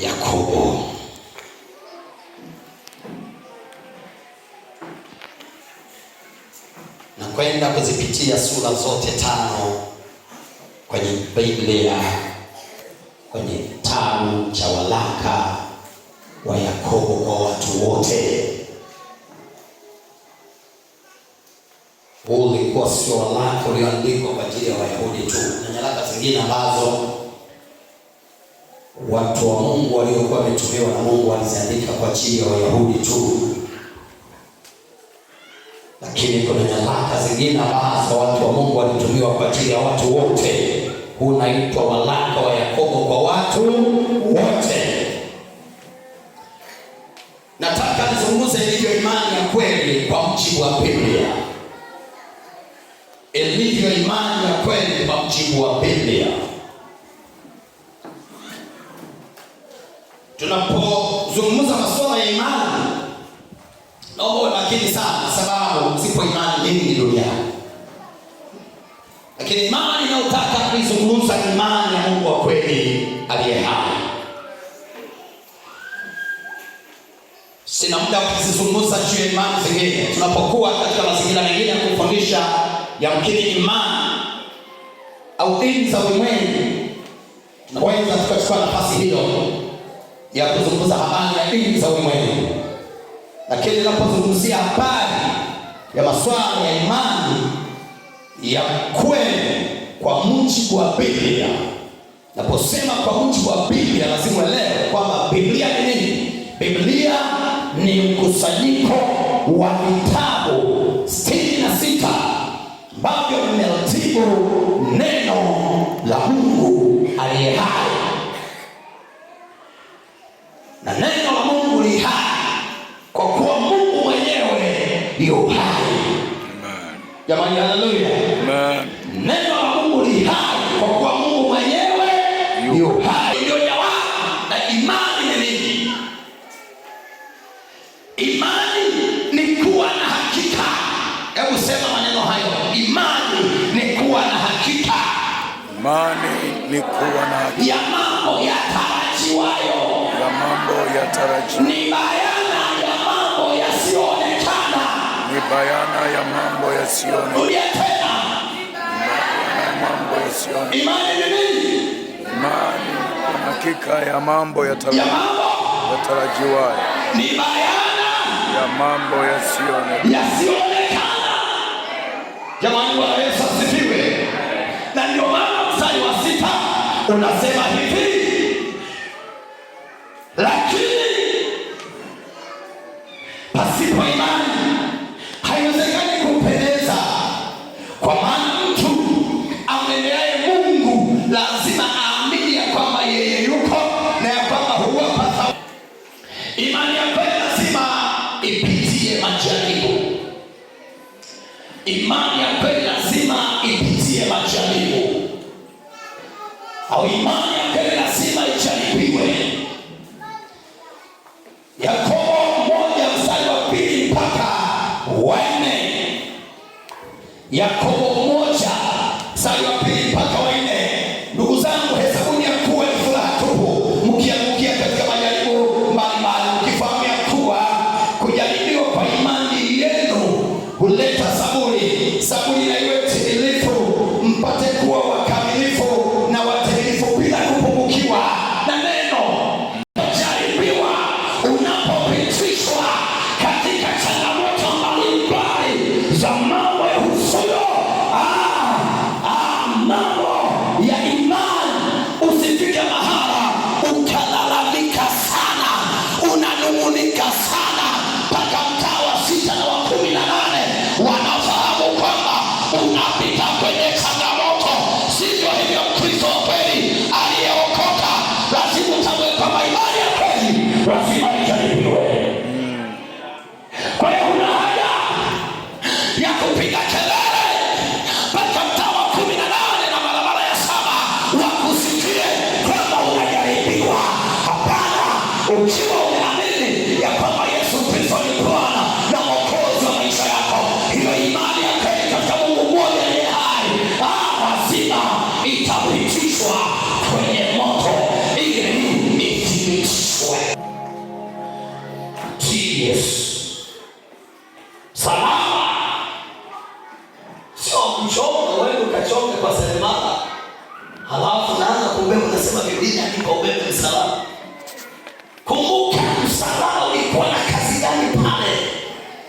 Yakobo. Na kwenda kuzipitia sura zote tano kwenye Biblia kwenye kitabu cha walaka wa Yakobo kwa watu wote. Huu ulikuwa sio walaka ulioandikwa kwa ajili ya Wayahudi tu na nyaraka zingine ambazo waliokuwa wametumiwa na Mungu waliziandika kwa ajili ya Wayahudi tu, lakini kuna nyaraka zingine ambazo watu wa Mungu walitumiwa kwa ajili ya watu wote. Unaitwa waraka wa Yakobo kwa watu wote. Nataka nizunguze ilivyo imani ya kweli kwa mjibu wa Biblia, ilivyo imani ya kweli kwa mjibu wa Biblia. tunapozungumza masuala ya imani, naomba makini sana, sababu sipo imani nini ni duniani, lakini imani inayotaka kuizungumza imani ya Mungu wa kweli aliye hai. Sina muda wa kuzizungumza juu ya imani zingine. Tunapokuwa katika mazingira mengine ya kufundisha yamkini imani au dini za ulimwengu, tunaweza tukachukua nafasi hiyo ya kuzungumza habari ya dini za ulimwengu, lakini ninapozungumzia habari ya maswala ya imani ya kweli kwa mujibu wa Biblia, naposema kwa mujibu wa Biblia lazima uelewe kwamba Biblia ni nini. Biblia ni mkusanyiko wa vitabu sitini na sita ambavyo imani ni nini? Imani ni kuwa na hakika. Hebu sema maneno hayo, imani ni kuwa na hakika, imani ni kuwa na hakika ya mambo yatarajiwayo, ya mambo yatarajiwayo, ni bayana ya mambo yasiyoonekana, ni bayana ya mambo yasiyoonekana. Imani ni nini? Imani hakika ya mambo yatarajiwayo, ya mambo yasiyoonekana. Jamani, Bwana Yesu asifiwe. Na ndio maana mstari wa sita unasema hivi lakini au imani ya lazima ichangiwe.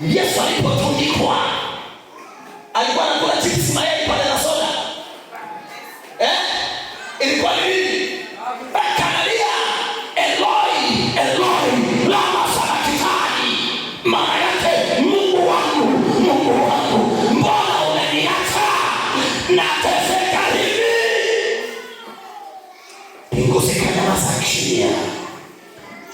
Yesu alipotundikwa alikuwa anakula chips mayai pale na soda eh? ilikuwa ni nini? Akalia Eloi Eloi lama sabakitani, maana yake Mungu wangu Mungu wangu mbona umeniacha nateseka hivi. Pingu zikanyamaza kimya.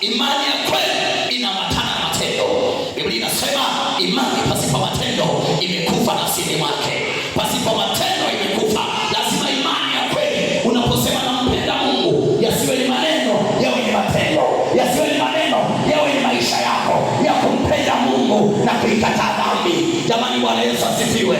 Imani ya kweli inaambatana na matendo. Biblia inasema imani pasipo matendo imekufa nafsini mwake, pasipo matendo imekufa. Lazima imani ya kweli, unaposema nampenda Mungu, yasiwe ni maneno, yawe ni matendo, yasiwe ni maneno, yawe ni maisha yako ya kumpenda Mungu na kuikataa dhambi. Jamani, Bwana Yesu asifiwe.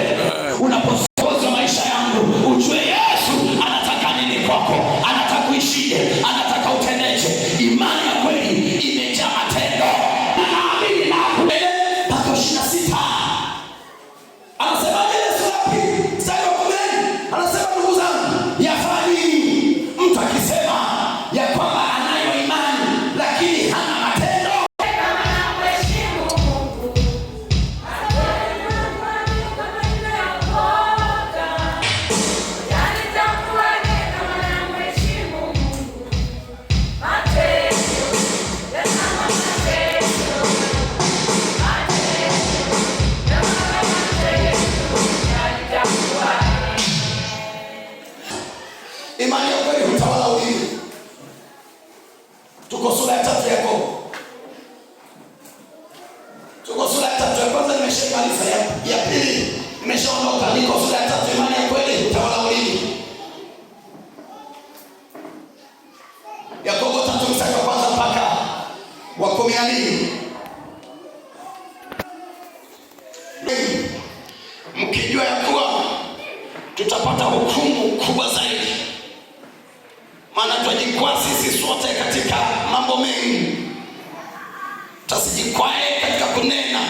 tutajikwaa sisi sote katika mambo mengi, tasijikwae katika kunena.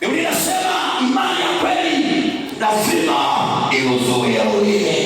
Biblia sema mali ya kweli lazima iuzuie ulimi.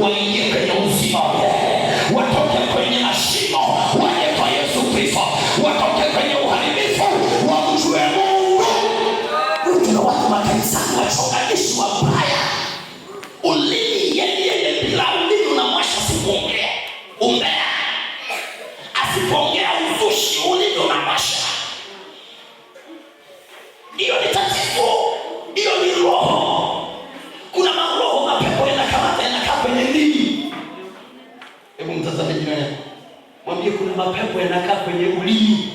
why mtazame jirani yako, mwambie kuna mapepo yanakaa kwenye ulimi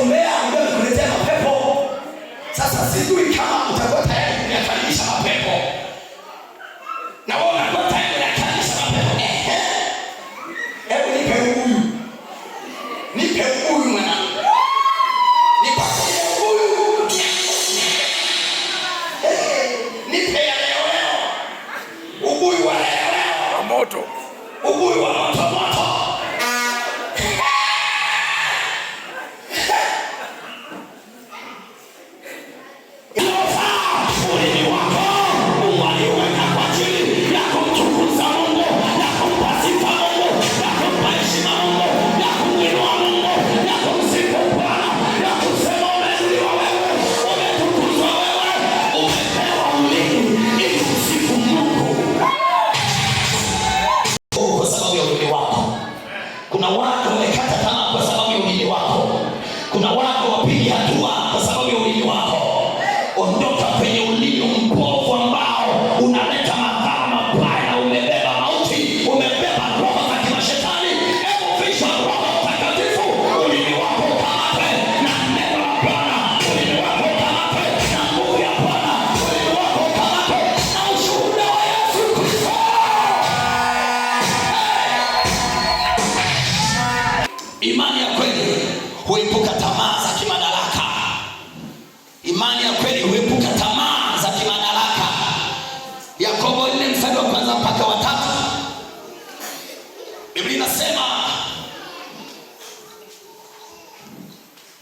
umea ambayo kuletea mapepo. Sasa sijui kama utakuwa tayari kuyakalisha mapepo.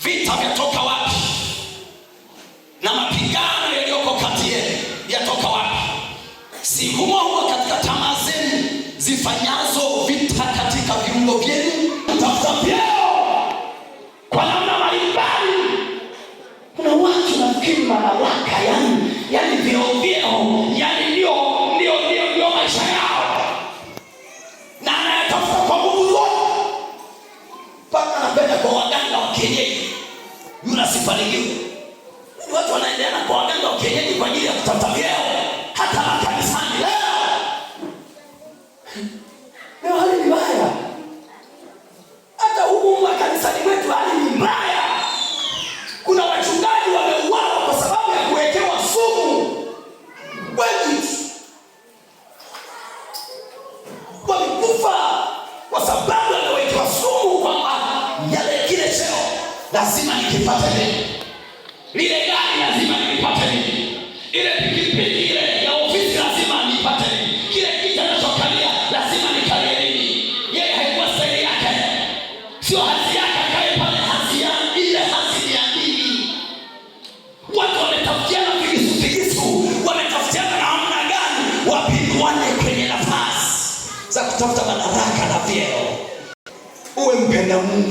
vita vyatoka out. watu wanaendelea na kuwaganga ukienyeji kwa ajili ya kutafuta vyeo hata makanisa cada é um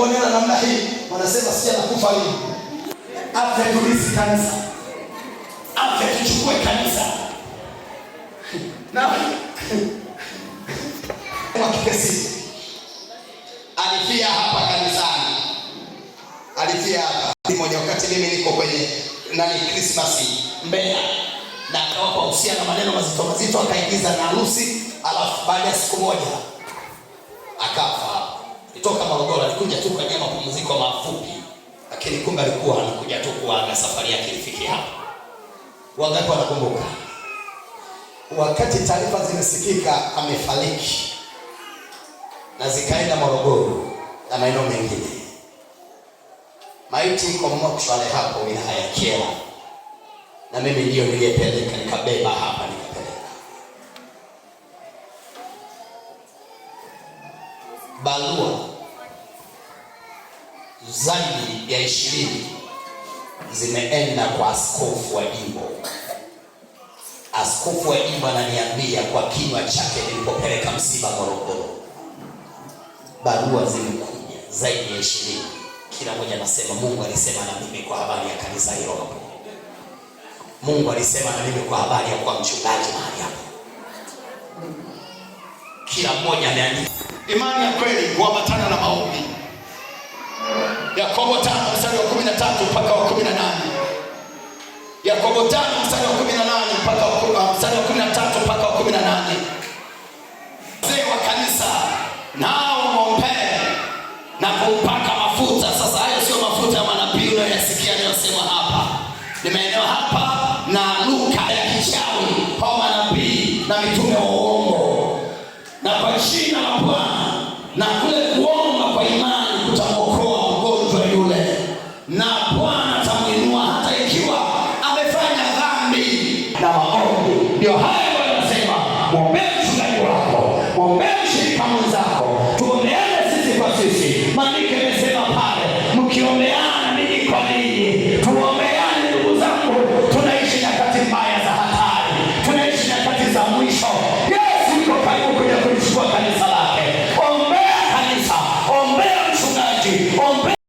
kuoneana namna hii, wanasema si anakufa lini? Afya tulizi kanisa, afya tuchukue kanisa na wakikesi alifia hapa kanisani, alifia hapa moja wakati mimi niko kwenye nani Christmas Mbeya, na akawapa usia na maneno mazito mazito, akaingiza na harusi, alafu baada ya siku moja akafa kutoka Morogoro alikuja tu kwa ajili pumziko mafupi, lakini kumbe alikuwa anakuja tu kuaga safari yake ifike hapa. Wangapi wanakumbuka wakati taarifa zilisikika amefariki na zikaenda Morogoro na maeneo mengine? Maiti iko mochwale hapo wilaya ya Kyela, na mimi ndiyo niliyepeleka nikabeba hapa nikapeleka. Barua zaidi ya ishirini zimeenda kwa askofu wa jimbo. Askofu wa jimbo ananiambia kwa kinywa chake nilipopeleka msiba Morogoro, barua zimekuja zaidi ya ishirini. Kila mmoja anasema Mungu alisema na mimi kwa habari ya kanisa hilo hapo. Mungu alisema na mimi kwa habari ya kuwa mchungaji mahali hapo. Kila mmoja ameandika imani ya kweli, kuambatana na maombi Yakobo tano mstari wa kumi na tatu mpaka wa kumi na nane Yakobo tano mstari wa kumi na nane mpaka ah, mstari wa kumi na tatu mpaka wa kumi na nane Wazee wa kanisa nao mwombe na kuupaka mafuta. Sasa hayo sio mafuta ya manabii unayoyasikia anayosema hapa, ni maeneo hapa na Luka ya kichawi kwa manabii na mitume wa uongo na kwa jina la Bwana na kule